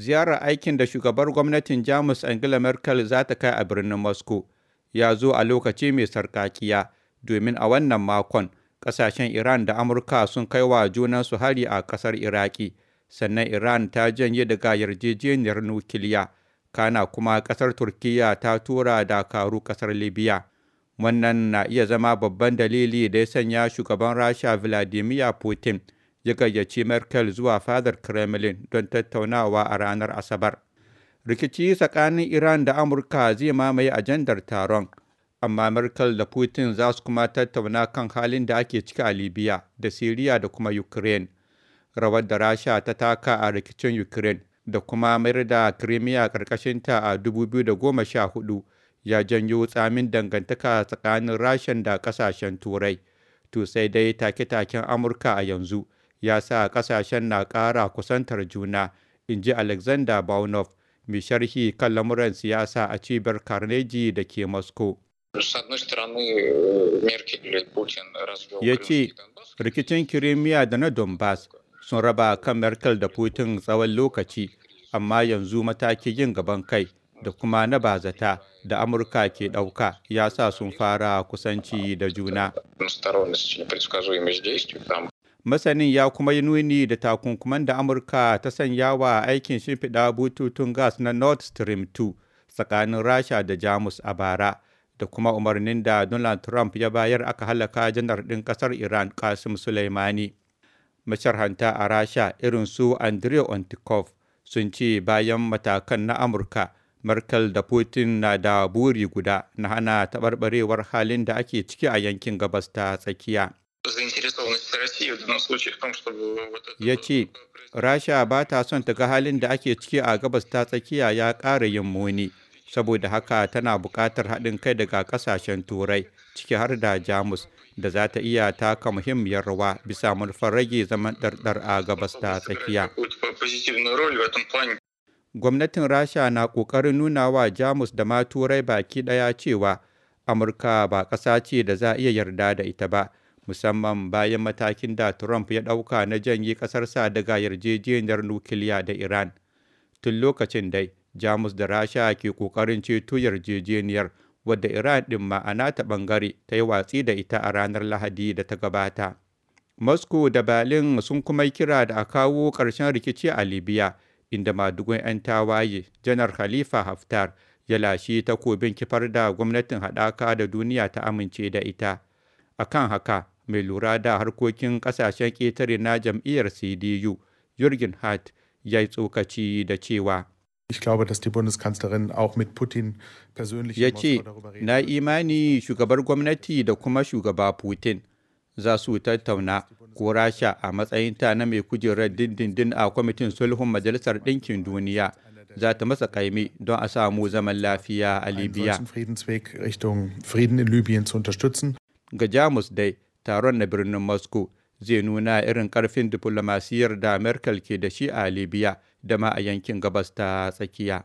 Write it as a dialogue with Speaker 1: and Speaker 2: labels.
Speaker 1: ziyarar aikin da shugabar gwamnatin jamus angela merkel za ta kai a birnin moscow ya zo a lokaci mai sarkakiya domin a wannan makon kasashen iran da amurka sun kai wa junansu hari a kasar iraki sannan iran ta janye daga yarjejeniyar nukiliya kana kuma kasar turkiya ta tura dakaru kasar libya wannan na iya zama babban dalili da ya sanya shugaban rasha vladimir putin ya gayyaci merkel zuwa fadar kremlin don tattaunawa a ranar asabar rikici tsakanin iran da amurka zai mamaye ajandar taron amma merkel da putin za su kuma tattauna kan halin da ake ciki a libya da siriya da kuma ukraine rawar da rasha ta taka a rikicin ukraine da kuma mayar da crimea ƙarƙashinta a 2014 ya janyo tsamin dangantaka tsakanin rasha da ƙasashen turai to sai dai take-taken amurka a yanzu ya sa kasashen na ƙara kusantar juna in ji alexander baunov mai sharhi kan lamuran siyasa a cibiyar carnegie da ke moscow ya ce rikicin kirimiya da na donbass sun raba kan merkel da putin tsawon lokaci amma yanzu mataki yin gaban kai da kuma na bazata da amurka ke ɗauka ya sa sun fara kusanci da juna masanin ya kuma yi nuni da takunkuman da amurka ta sanya wa aikin shimfiɗa bututun gas na nord stream 2 tsakanin rasha da jamus a bara da kuma umarnin da donald trump ya bayar aka halaka janar ɗin ƙasar iran kasim suleimani masharhanta a rasha irin su andrew ontikov sun ce bayan matakan na amurka merkel da putin na da buri guda na hana taɓarɓarewar halin da ake ciki a yankin gabas ta tsakiya ya ce, Rasha ba ta son ta ga halin da ake ciki a gabas ta tsakiya ya ƙara yin muni, saboda haka tana buƙatar haɗin kai daga ƙasashen Turai, ciki har da Jamus, da za ta iya taka muhimmiyar rawa bisa manufar rage zaman ɗarɗar a gabas ta tsakiya. Gwamnatin Rasha na ƙoƙarin nuna wa Jamus da ma Turai baki ɗaya cewa Amurka ba ƙasa ce da za a iya yarda da ita ba, musamman bayan matakin da Trump ya ɗauka na janye ƙasarsa daga yarjejeniyar nukiliya da Iran. Tun lokacin dai, Jamus da Rasha ke ƙoƙarin ceto yarjejeniyar wadda Iran ɗin ma'ana ta ɓangare ta yi watsi da ita a ranar Lahadi da ta gabata. Moscow da Berlin sun kuma kira da a kawo ƙarshen rikici a Libya, inda madugun 'yan tawaye Janar Khalifa Haftar ya lashe takobin kifar da gwamnatin haɗaka da duniya ta amince da ita. A kan haka, mai lura da harkokin kasashen ƙetare na jam'iyyar cdu jürgen hart ya yi tsokaci da cewa Ich glaube, dass die Bundeskanzlerin auch mit Putin persönlich ya ce, na imani shugabar gwamnati da kuma shugaba Putin za su tattauna ko Rasha a matsayin ta na mai kujerar dindindin a kwamitin sulhun Majalisar Ɗinkin Duniya za ta masa kaimi don a samu zaman lafiya a Libya. Ga Jamus dai, taron na birnin moscow zai nuna irin karfin diflomasiyyar da merkel ke da shi a libya da ma a yankin gabas ta tsakiya